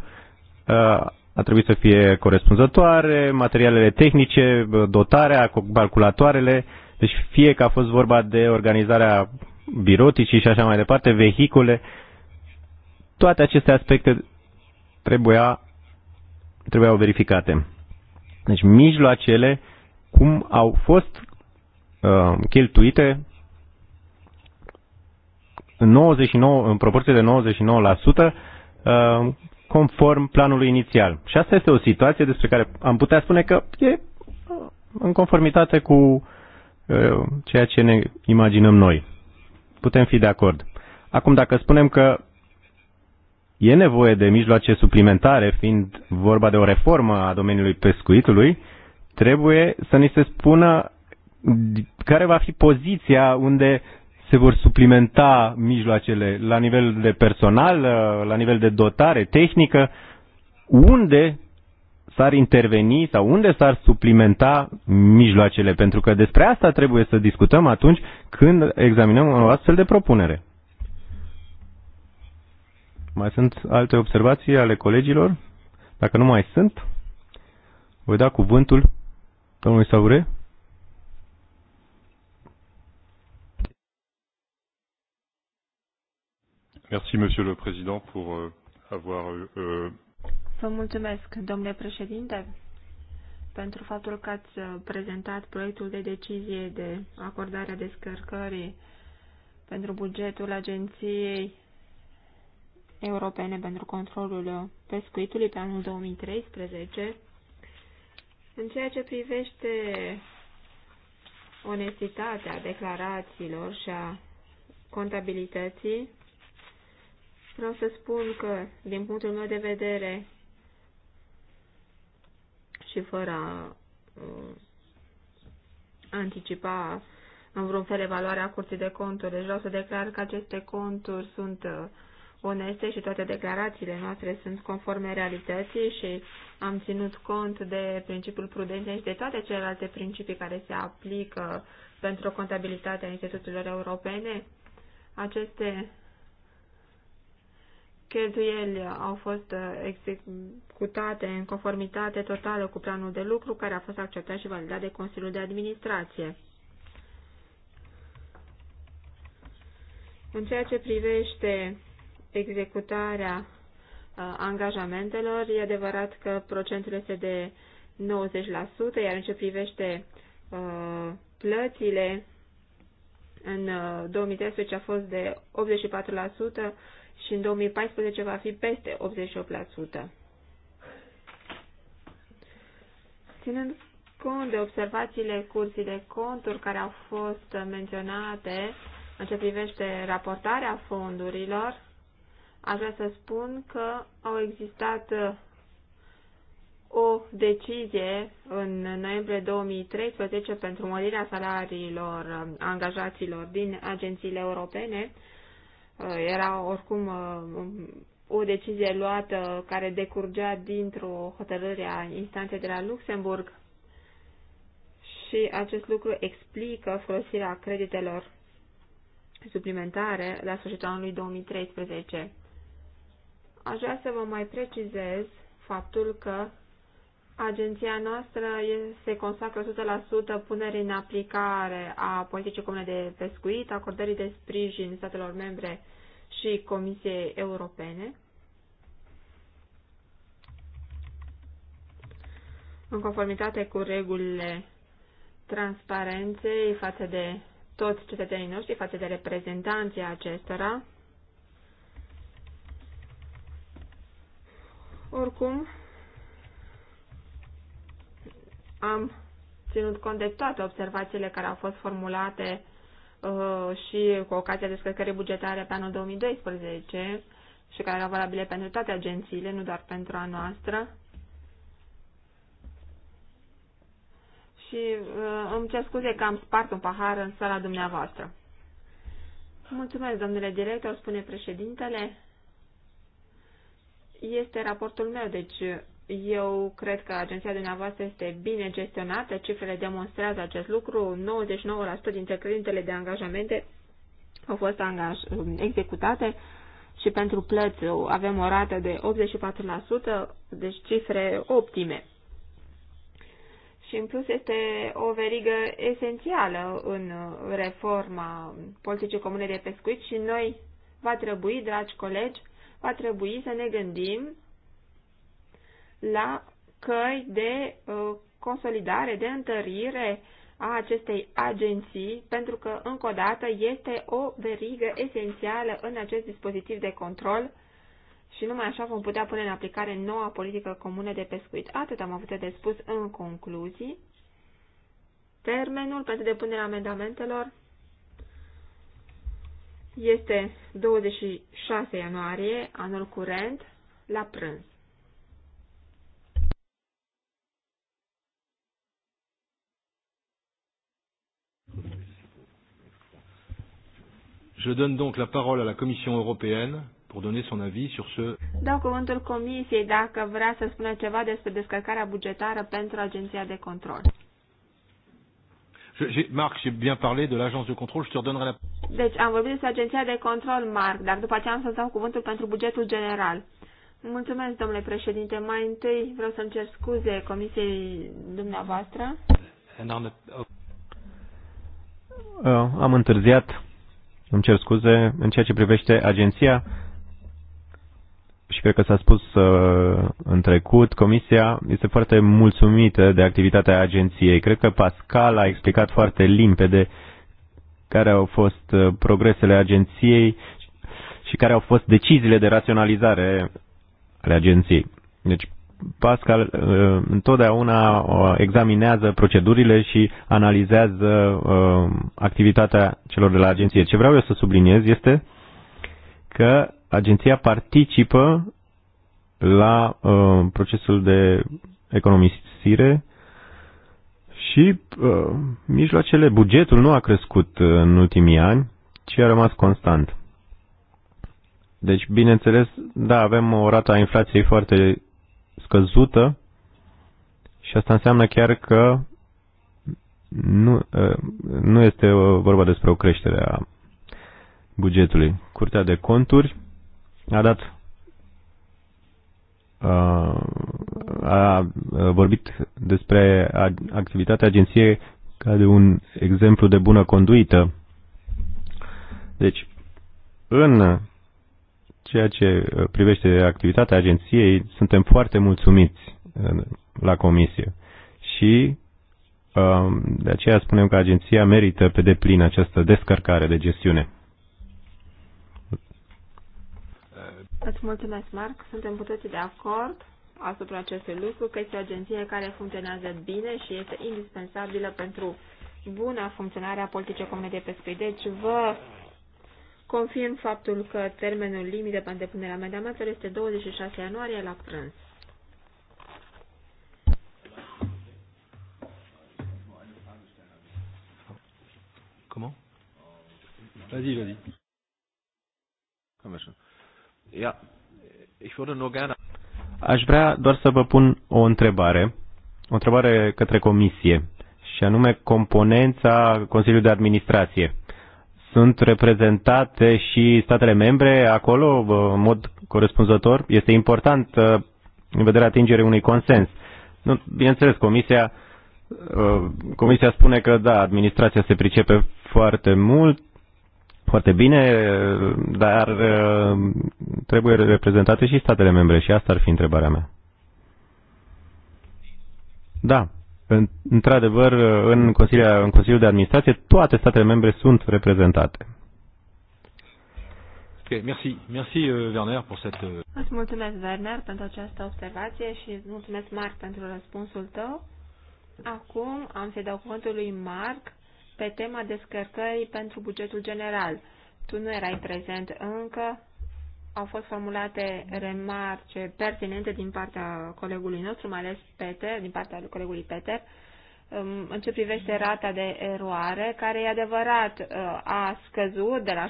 a trebuit să fie corespunzătoare, materialele tehnice, dotarea, calculatoarele, deci fie că a fost vorba de organizarea biroticii și așa mai departe, vehicule, toate aceste aspecte trebuia, trebuiau verificate. Deci mijloacele, cum au fost uh, cheltuite, 99, în proporție de 99%, uh, conform planului inițial. Și asta este o situație despre care am putea spune că e uh, în conformitate cu uh, ceea ce ne imaginăm noi putem fi de acord. Acum, dacă spunem că e nevoie de mijloace suplimentare, fiind vorba de o reformă a domeniului pescuitului, trebuie să ni se spună care va fi poziția unde se vor suplimenta mijloacele la nivel de personal, la nivel de dotare tehnică, unde s-ar interveni sau unde s-ar suplimenta mijloacele, pentru că despre asta trebuie să discutăm atunci când examinăm o astfel de propunere. Mai sunt alte observații ale colegilor? Dacă nu mai sunt, voi da cuvântul domnului Savure. Merci, monsieur le président, pour euh, avoir euh, Vă mulțumesc, domnule președinte, pentru faptul că ați uh, prezentat proiectul de decizie de acordare a descărcării pentru bugetul Agenției Europene pentru Controlul Pescuitului pe anul 2013. În ceea ce privește onestitatea declarațiilor și a contabilității, vreau să spun că, din punctul meu de vedere, și fără a uh, anticipa în vreun fel evaluarea curții de conturi. Deci vreau să declar că aceste conturi sunt uh, oneste și toate declarațiile noastre sunt conforme realității și am ținut cont de principiul prudenței și de toate celelalte principii care se aplică pentru contabilitatea instituțiilor europene. Aceste cheltuielile au fost uh, executate în conformitate totală cu planul de lucru care a fost acceptat și validat de Consiliul de Administrație. În ceea ce privește executarea uh, angajamentelor, e adevărat că procentul este de 90%, iar în ce privește uh, plățile, în 2013 a fost de 84%, și în 2014 va fi peste 88%. Ținând cont de observațiile cursii de conturi care au fost menționate în ce privește raportarea fondurilor, aș vrea să spun că au existat uh, o decizie în noiembrie 2013 pentru mărirea salariilor uh, angajaților din agențiile europene Eh, era oricum uh, o decizie luată care decurgea dintr-o hotărâre a instanței de la Luxemburg și acest lucru explică folosirea creditelor suplimentare la sfârșitul anului 2013. Aș vrea să vă mai precizez faptul că agenția noastră se consacră 100% punerii în aplicare a politicii comune de pescuit, acordării de sprijin statelor membre și Comisiei Europene. În conformitate cu regulile transparenței față de toți cetățenii noștri, față de reprezentanții acestora, Oricum, am ținut cont de toate observațiile care au fost formulate Uh, și cu ocazia descărcării bugetare pe anul 2012 și care era valabile pentru toate agențiile, nu doar pentru a noastră. Și uh, îmi cer scuze că am spart un pahar în sala dumneavoastră. Mulțumesc, domnule director, spune președintele. Este raportul meu, deci eu cred că agenția dumneavoastră este bine gestionată, cifrele demonstrează acest lucru, 99% dintre credintele de angajamente au fost angaj- executate și pentru plăți avem o rată de 84%, deci cifre optime. Și în plus este o verigă esențială în reforma politicii comune de pescuit și noi va trebui, dragi colegi, va trebui să ne gândim la căi de uh, consolidare, de întărire a acestei agenții, pentru că, încă o dată, este o verigă esențială în acest dispozitiv de control și numai așa vom putea pune în aplicare noua politică comună de pescuit. Atât am avut de spus în concluzii. Termenul pentru depunerea amendamentelor este 26 ianuarie, anul curent, la prânz. Je donne donc la parole à la Commission européenne pour donner son avis sur ce. Dau cuvântul Comisiei dacă vrea să spună ceva despre descărcarea bugetară pentru Agenția de Control. Je, Marc, j'ai bien parlé de l'agence de contrôle, je te redonnerai la Deci am vorbit despre agenția de control, Marc, dar după aceea am să-ți dau cuvântul pentru bugetul general. Mulțumesc, domnule președinte. Mai întâi vreau să-mi cer scuze comisiei dumneavoastră. Uh, am întârziat îmi cer scuze, în ceea ce privește agenția, și cred că s-a spus uh, în trecut, Comisia este foarte mulțumită de activitatea agenției. Cred că Pascal a explicat foarte limpede care au fost uh, progresele agenției și care au fost deciziile de raționalizare ale agenției. Deci Pascal uh, întotdeauna uh, examinează procedurile și analizează uh, activitatea celor de la agenție. Ce vreau eu să subliniez este că agenția participă la procesul de economisire și mijloacele, bugetul nu a crescut în ultimii ani, ci a rămas constant. Deci, bineînțeles, da, avem o rată a inflației foarte scăzută și asta înseamnă chiar că nu, nu este vorba despre o creștere a bugetului. Curtea de conturi a dat a vorbit despre activitatea agenției ca de un exemplu de bună conduită. Deci, în ceea ce uh, privește activitatea agenției, suntem foarte mulțumiți uh, la comisie. Și um, de aceea spunem că agenția merită pe deplin această descărcare de gestiune. Îți mulțumesc, Marc. Suntem cu toții de acord asupra acestui lucru, că este o agenție care funcționează bine și este indispensabilă pentru buna funcționare a politicii comune de pescuit. Deci vă confirm faptul că termenul limită pentru depunerea amendamentelor este 26 ianuarie la prânz. Cum? Vas-y, ich würde nur gerne... Aș vrea doar să vă pun o întrebare, o întrebare către comisie, și anume componența Consiliului de Administrație sunt reprezentate și statele membre acolo în mod corespunzător? Este important uh, în vederea atingerii unui consens. Nu, bineînțeles, comisia, uh, comisia spune că da, administrația se pricepe foarte mult, foarte bine, dar uh, trebuie reprezentate și statele membre și asta ar fi întrebarea mea. Da, într-adevăr, în, Consiliul, în Consiliul de Administrație, toate statele membre sunt reprezentate. merci. Merci, euh, Werner, pour cette... Euh, îți mulțumesc, Werner, pentru această observație și îți mulțumesc, Marc, pentru răspunsul tău. Acum am să-i dau cuvântul lui Marc pe tema descărcării pentru bugetul general. Tu nu erai prezent încă, au fost formulate remarce pertinente din partea colegului nostru, mai ales Peter, din partea colegului Peter, um, în ce privește rata de eroare, care e adevărat uh, a scăzut de la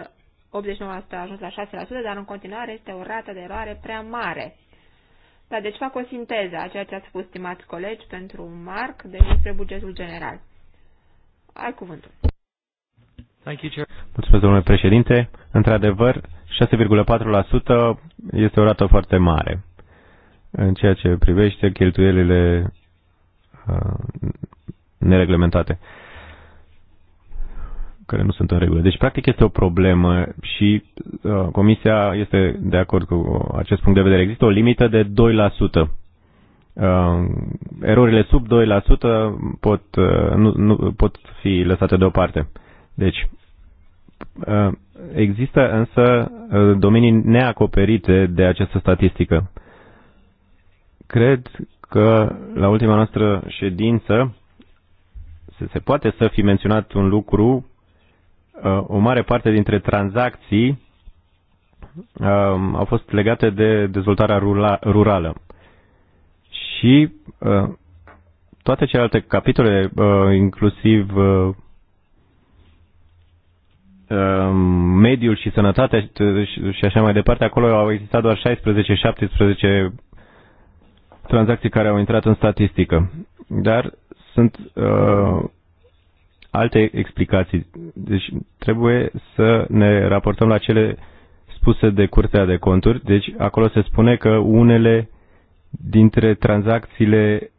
7,89% 89% a ajuns la 6%, dar în continuare este o rată de eroare prea mare. Da, deci fac o sinteză a ceea ce ați spus, stimați colegi, pentru Marc, deci despre bugetul general. Ai cuvântul. Thank you, Chair. Mulțumesc, domnule președinte. Într-adevăr, 6,4% este o rată foarte mare în ceea ce privește cheltuielile uh, nereglementate care nu sunt în regulă. Deci, practic, este o problemă și uh, Comisia este de acord cu acest punct de vedere. Există o limită de 2%. Uh, erorile sub 2% pot, uh, nu, nu, pot fi lăsate deoparte. Deci, Uh, există însă uh, domenii neacoperite de această statistică. Cred că la ultima noastră ședință se poate să fi menționat un lucru, uh, o mare parte dintre tranzacții au fost legate de dezvoltarea rurală. Și toate celelalte capitole, inclusiv Ehm, mediul și sănătatea și așa mai departe, acolo au existat doar 16-17 tranzacții care au intrat în statistică. Dar sunt uh, alte explicații. Deci trebuie să ne raportăm la cele spuse de Curtea de Conturi. Deci acolo se spune că unele dintre tranzacțiile,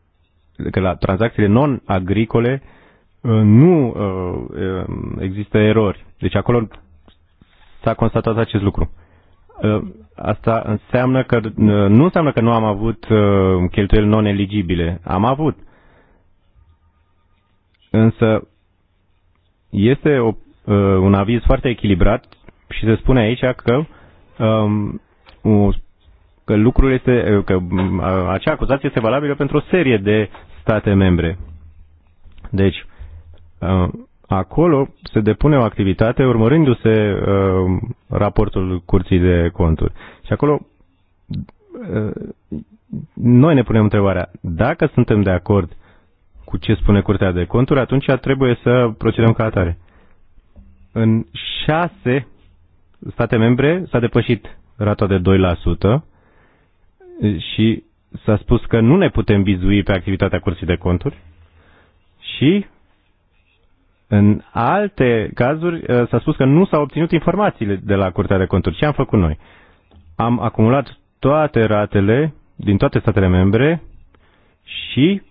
că la tranzacțiile non-agricole uh, Uh, nu uh, uh, există erori. Deci acolo s-a constatat acest lucru. Asta înseamnă că nu înseamnă că nu am avut cheltuieli non-eligibile. Am avut. Însă este o, un aviz foarte echilibrat și se spune aici că, um, că lucrul este că acea acuzație este valabilă pentru o serie de state membre. Deci, Uh, acolo se depune o activitate urmărindu-se uh, raportul curții de conturi. Și acolo uh, noi ne punem întrebarea, dacă suntem de acord cu ce spune Curtea de Conturi, atunci trebuie să procedăm ca atare. În șase state membre s-a depășit rata de 2% și s-a spus că nu ne putem vizui pe activitatea Curții de Conturi și în alte cazuri uh, s-a spus că nu s-au obținut informațiile de la Curtea de Conturi. Ce am făcut noi? Am acumulat toate ratele din toate statele membre și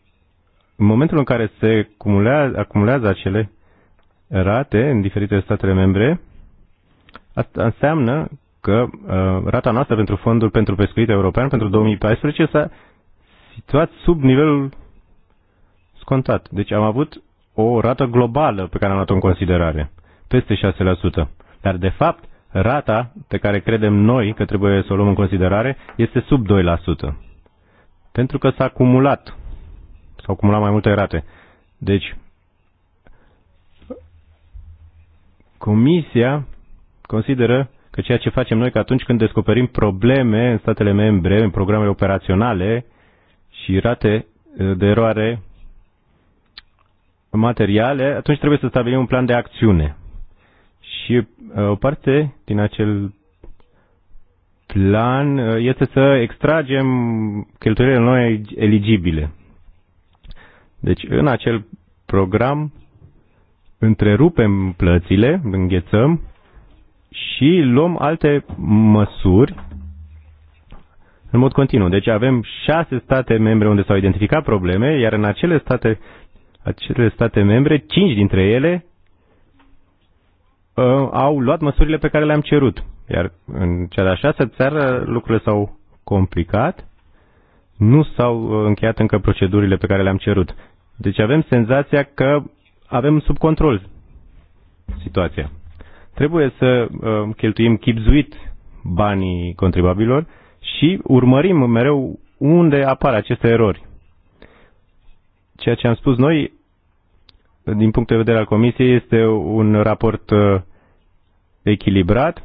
în momentul în care se acumulează, acumulează acele rate în diferite statele membre, asta înseamnă că uh, rata noastră pentru fondul pentru pescuit european pentru 2014 s-a situat sub nivelul scontat. Deci am avut o rată globală pe care am luat-o în considerare, peste 6%. Dar, de fapt, rata pe care credem noi că trebuie să o luăm în considerare este sub 2%. Pentru că s-a acumulat, s-au acumulat mai multe rate. Deci, Comisia consideră că ceea ce facem noi că atunci când descoperim probleme în statele membre, în programe operaționale și rate eh, de eroare materiale, atunci trebuie să stabilim un plan de acțiune. Și uh, o parte din acel plan uh, este să extragem cheltuielile noi eligibile. Deci în acel program întrerupem plățile, înghețăm și luăm alte măsuri în mod continuu. Deci avem șase state membre unde s-au identificat probleme, iar în acele state acelor state membre, cinci dintre ele uh, au luat măsurile pe care le-am cerut. Iar în cea de-a șasea țară lucrurile s-au complicat, nu s-au uh, încheiat încă procedurile pe care le-am cerut. Deci avem senzația că avem sub control situația. Trebuie să uh, cheltuim chipzuit banii contribuabilor și urmărim mereu unde apar aceste erori. Ceea ce am spus noi din punct de vedere al Comisiei, este un raport uh, echilibrat.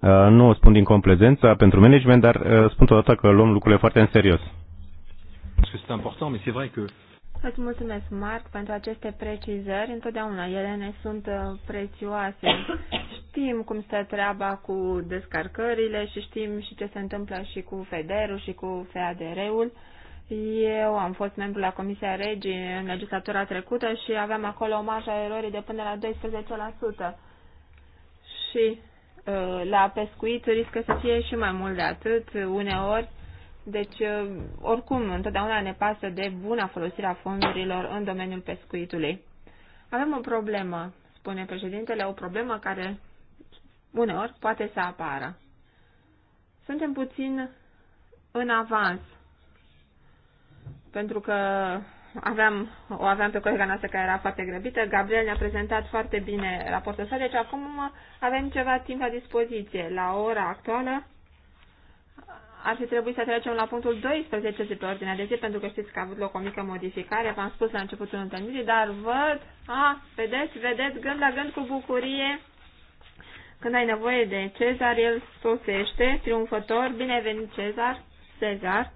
Uh, nu o spun din complezență pentru management, dar uh, spun totodată că luăm lucrurile foarte în serios. Îți mulțumesc, Marc, pentru aceste precizări. Întotdeauna ele ne sunt prețioase. Știm cum se treaba cu descarcările și știm și ce se întâmplă și cu FEDER-ul și cu FADR-ul. Eu am fost membru la Comisia Regii în legislatura trecută și aveam acolo o marjă a erorii de până la 12%. Și uh, la pescuit riscă să fie și mai mult de atât uneori. Deci, uh, oricum, întotdeauna ne pasă de buna folosire a fondurilor în domeniul pescuitului. Avem o problemă, spune președintele, o problemă care uneori poate să apară. Suntem puțin în avans pentru că aveam, o aveam pe colega noastră care era foarte grăbită. Gabriel ne-a prezentat foarte bine raportul său, deci acum avem ceva timp la dispoziție. La ora actuală ar fi trebuit să trecem la punctul 12 de pe ordinea de zi, pentru că știți că a avut loc o mică modificare, v-am spus la începutul întâlnirii, dar văd, a, vedeți, vedeți, gând la gând cu bucurie, când ai nevoie de Cezar, el sosește, triumfător, binevenit Cezar, Cezar,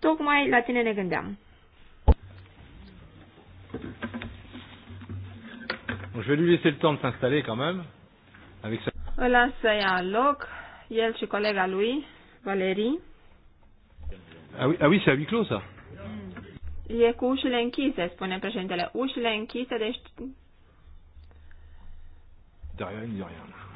Tocmai la tine ne gândeam. Bon, je vais lui laisser le temps de s'installer quand même. Avec sa... Îl las să ia loc, el și colega lui, Valerii. Ah oui, ah oui c'est à huis clos, ça. Mm. E cu ușile închise, spune președintele. Ușile închise, deci... De rien, de rien.